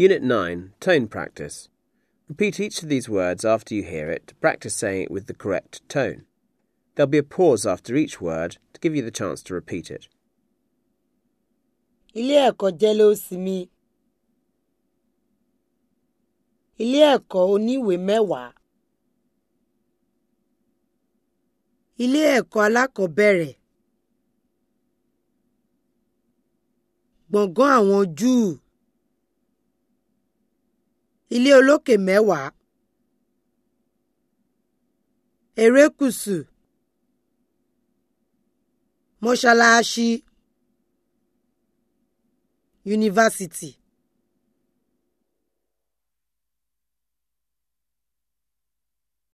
Unit 9 Tone Practice. Repeat each of these words after you hear it to practice saying it with the correct tone. There'll be a pause after each word to give you the chance to repeat it. Ilé ẹ̀kọ́ jẹ́lósì mi. Ilé ẹ̀kọ́ oníwèé mẹ́wàá. Ilé ẹ̀kọ́ alákọ̀ọ́bẹ̀rẹ̀. Gbọ̀ngàn àwọn Júù. ilé olókè mẹ́wàá erékùṣù mọ́ṣáláṣí yunifásitì.